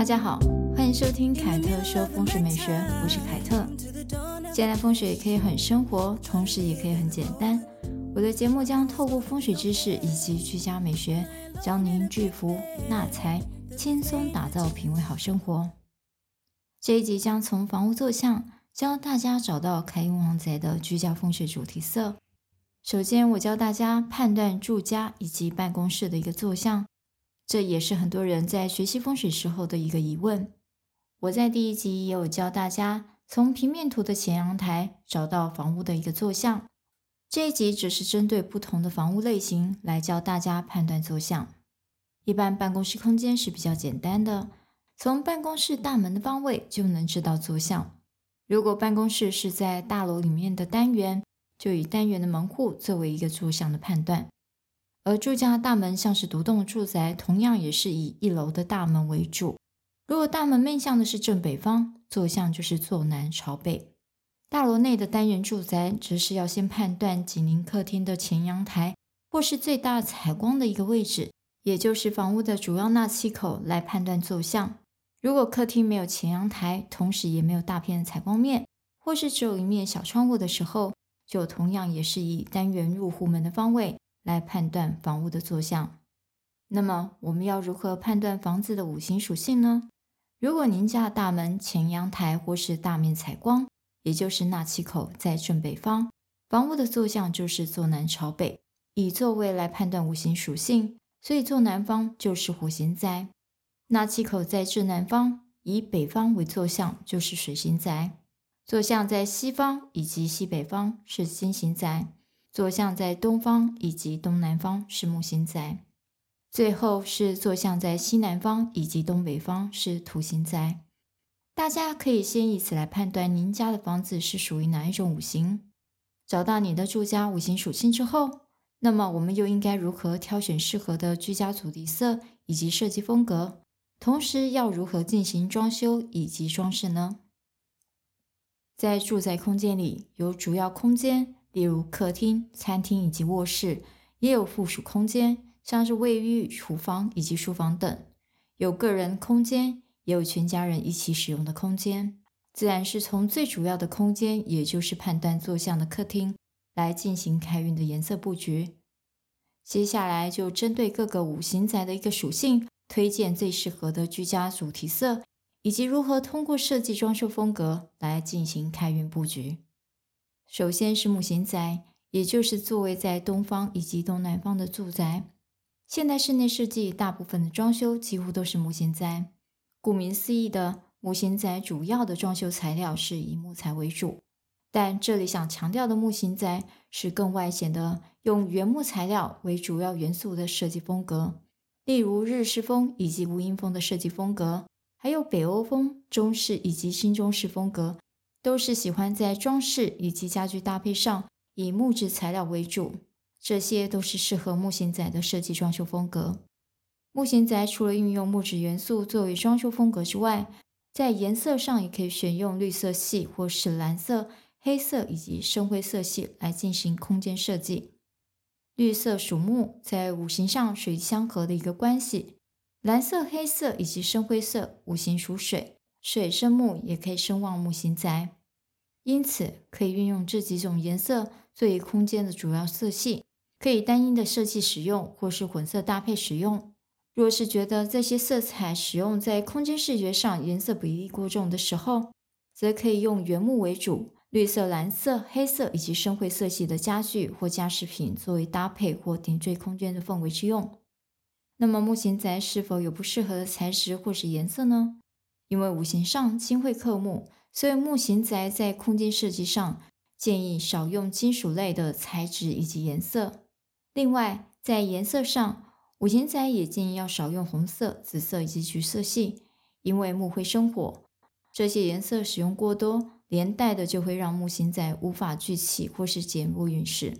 大家好，歡迎收聽凱特說風水美學，我是凱特。現代風水可以很生活，同時也可以很簡單。我的節目將透過風水知識以及居家美學，教您聚福納財，輕鬆打造品味好生活。這一集將從房屋坐向，教大家找到開運旺宅的居家風水主題色。首先，我教大家判斷住家以及辦公室的一個坐向。這也是很多人在學習風水時候的一個疑問。我在第一集也有教大家從平面圖的前陽台找到房屋的一個坐向，這一集只是針對不同的房屋類型來教大家判斷坐向。一般辦公室空間是比較簡單的，從辦公室大門的方位就能知道坐向。如果辦公室是在大樓裡面的單元，就以單元的門戶作為一個坐向的判斷。而住家大門像是獨棟的住宅，同樣也是以一樓的大門為主。如果大門面向的是正北方，坐向就是坐南朝北。大樓內的單元住宅，則是要先判斷緊鄰客廳的前陽台，或是最大採光的一個位置，也就是房屋的主要納氣口來判斷坐向。如果客廳沒有前陽台，同時也沒有大片的採光面，或是只有一面小窗戶的時候，就同樣也是以單元入戶門的方位來判斷房屋的坐向。那麼我們要如何判斷房子的五行屬性呢？如果您家大門前陽台或是大面採光，也就是納氣口在正北方，房屋的坐向就是坐南朝北。以座位來判斷五行屬性，所以坐南方就是火行宅。納氣口在正南方，以北方為坐向就是水行宅。坐向在西方以及西北方是金行宅。坐向在東方以及東南方是木星宅，最後是坐向在西南方以及東北方是土星宅。大家可以先以此來判斷您家的房子是屬於哪一種五行。找到你的住家五行屬性之後，那麼我們又應該如何挑選適合的居家主題色，以及設計風格？同時要如何進行裝修以及裝飾呢？在住宅空間裡有主要空間。例如客廳、餐廳以及臥室，也有附屬空間，像是衛浴、廚房以及書房等，有個人空間，也有全家人一起使用的空間。自然是從最主要的空間，也就是判斷坐向的客廳，來進行開運的顏色布局。接下來就針對各個五行宅的一個屬性，推薦最適合的居家主題色，以及如何通過設計裝修風格來進行開運布局。首先是木型宅，也就是坐向在東方以及東南方的住宅。現代室內設計大部分的裝修幾乎都是木型宅。顧名思義的木型宅，主要的裝修材料是以木材為主。但這裡想強調的木型宅是更外顯的，用原木材料為主要元素的設計風格，例如日式風以及無印風的設計風格，還有北歐風、中式以及新中式風格。都是喜歡在裝飾以及家具搭配上以木質材料為主，這些都是適合木型宅的設計裝修風格。木型宅除了運用木質元素作為裝修風格之外，在顏色上也可以選用綠色系或是藍色、黑色以及深灰色系來進行空間設計。綠色屬木，在五行上屬於相合的一個關係；藍色、黑色以及深灰色，五行屬水。水生木，也可以生旺木型宅，因此可以運用這幾種顏色作為空間的主要色系，可以單一的設計使用，或是混色搭配使用。若是覺得這些色彩使用在空間視覺上顏色比例過重的時候，則可以用原木為主，綠色、藍色、黑色以及深灰色系的家具或家飾品作為搭配或點綴空間的氛圍之用。那麼木型宅是否有不適合的材質或是顏色呢？因為五行上金會剋木，所以木型宅在空間設計上建議少用金屬類的材質以及顏色。另外，在顏色上，五行宅也建議要少用紅色、紫色以及橘色系，因為木會生火，這些顏色使用過多，連帶的就會讓木型宅無法聚氣或是減弱運勢。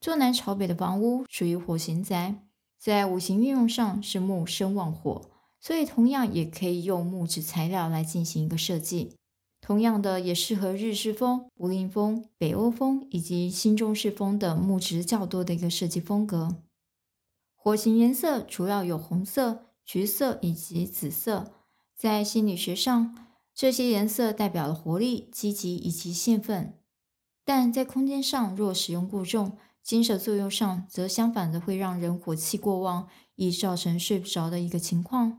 坐南朝北的房屋屬於火型宅，在五行運用上是木生旺火。所以，同樣也可以用木質材料來進行一個設計。同樣的，也適合日式風、無印風、北歐風以及新中式風等木質較多的一個設計風格。火型顏色主要有紅色、橘色以及紫色。在心理學上，這些顏色代表了活力、積極以及興奮。但在空間上若使用過重，精神作用上則相反的會讓人火氣過旺，易造成睡不着的一個情況。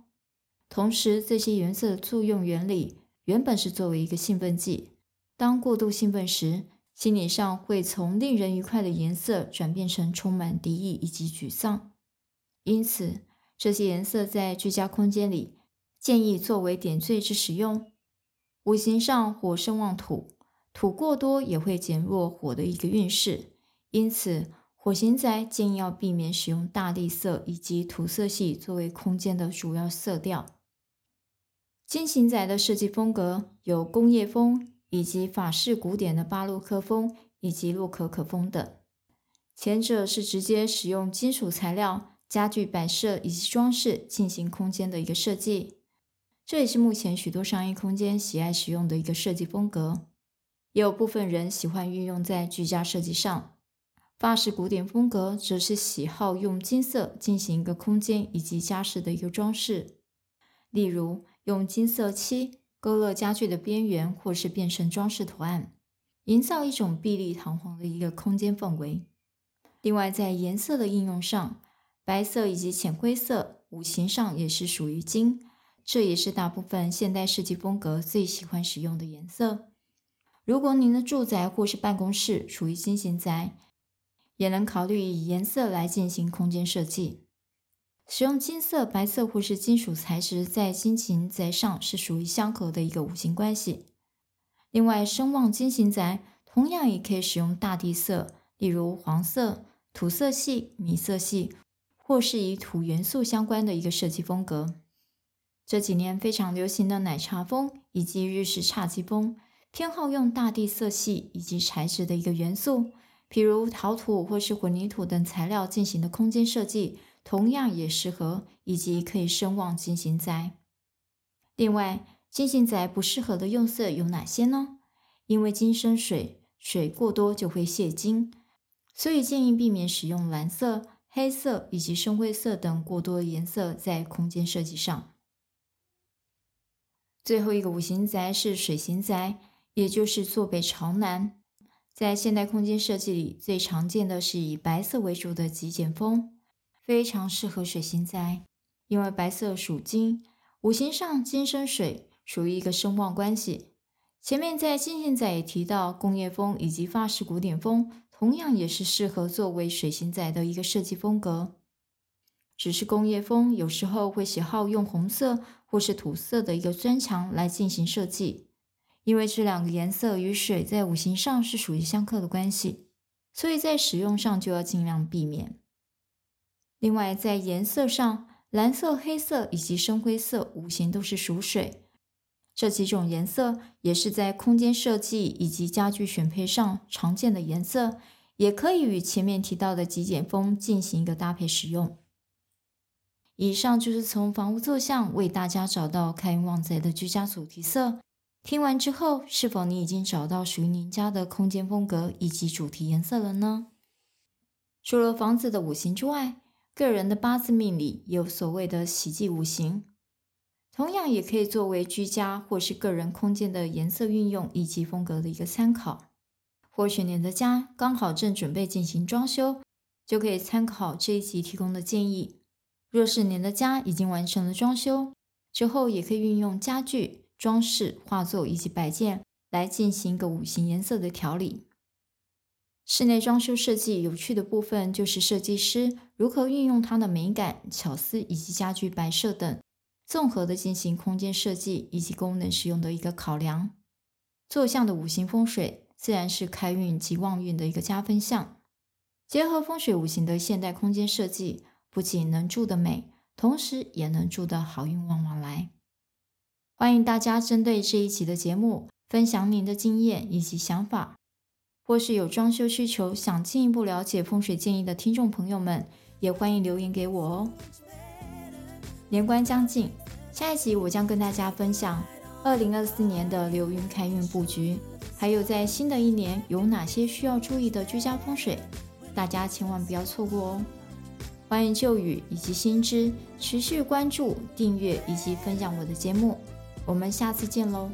同時，這些顏色的作用原理原本是作為一個興奮劑。當過度興奮時，心理上會從令人愉快的顏色轉變成充滿敵意以及沮喪。因此，這些顏色在居家空間裡建議作為點綴之使用。五行上，火生旺土，土過多也會減弱火的一個運勢。因此，火型宅建議要避免使用大地色以及土色系作為空間的主要色調。金型宅的設計風格有工業風，以及法式古典的巴洛克風以及洛可可風等。前者是直接使用金屬材料、家具擺設以及裝飾進行空間的一個設計，這也是目前許多商業空間喜愛使用的一個設計風格。也有部分人喜歡運用在居家設計上。法式古典風格則是喜好用金色進行一個空間以及家飾的一個裝飾，例如。用金色漆勾勒家具的邊緣，或是變成裝飾圖案，營造一種碧麗堂皇的一個空間氛圍。另外，在顏色的應用上，白色以及淺灰色，五行上也是屬於金，這也是大部分現代設計風格最喜歡使用的顏色。如果您的住宅或是辦公室屬於金型宅，也能考慮以顏色來進行空間設計。使用金色、白色或是金屬材質，在金型宅上是屬於相合的一個五行關係。另外，生旺金型宅同樣也可以使用大地色，例如黃色、土色系、米色系，或是以土元素相關的一個設計風格。這幾年非常流行的奶茶風以及日式侘寂風，偏好用大地色系以及材質的一個元素，譬如陶土或是混凝土等材料進行的空間設計。同樣也適合，以及可以生旺金行宅。另外，金行宅不適合的用色有哪些呢？因為金生水，水過多就會洩金，所以建議避免使用藍色、黑色以及深灰色等過多顏色在空間設計上。最後一個五行宅是水行宅，也就是坐北朝南。在現代空間設計裡，最常見的是以白色為主的極簡風。非常適合水行宅，因為白色屬金，五行上金生水，屬於一個生旺關係。前面在金行宅也提到，工業風以及法式古典風，同樣也是適合作為水行宅的一個設計風格。只是工業風有時候會喜好用紅色或是土色的一個磚牆來進行設計，因為這兩個顏色與水在五行上是屬於相克的關係，所以在使用上就要盡量避免。另外，在顏色上，藍色、黑色以及深灰色五行都是屬水。這幾種顏色也是在空間設計以及家具選配上常見的顏色，也可以與前面提到的極簡風進行一個搭配使用。以上就是從房屋坐向為大家找到開運旺宅的居家主題色。聽完之後，是否你已經找到屬於您家的空間風格以及主題顏色了呢？除了房子的五行之外，個人的八字命理有所謂的喜忌五行，同樣也可以作為居家或是個人空間的顏色運用以及風格的一個參考。或許您的家剛好正準備進行裝修，就可以參考這一集提供的建議。若是您的家已經完成了裝修，之後也可以運用家具、裝飾、畫作以及擺件來進行一個五行顏色的調理。室內裝修設計有趣的部分就是設計師。如何運用它的美感、巧思以及家具擺設等，綜合的進行空間設計以及功能使用的一個考量。坐向的五行風水自然是開運及旺運的一個加分項。結合風水五行的現代空間設計，不僅能住得美，同時也能住得好運旺旺來。歡迎大家針對這一期的節目分享您的經驗以及想法，或是有裝修需求想進一步了解風水建議的聽眾朋友們。也歡迎留言給我哦。年關將近，下一集我將跟大家分享二零二四年的流年開運布局，還有在新的一年有哪些需要注意的居家風水，大家千萬不要錯過哦。歡迎舊雨以及新知持續關注、訂閱以及分享我的節目，我們下次見嘍。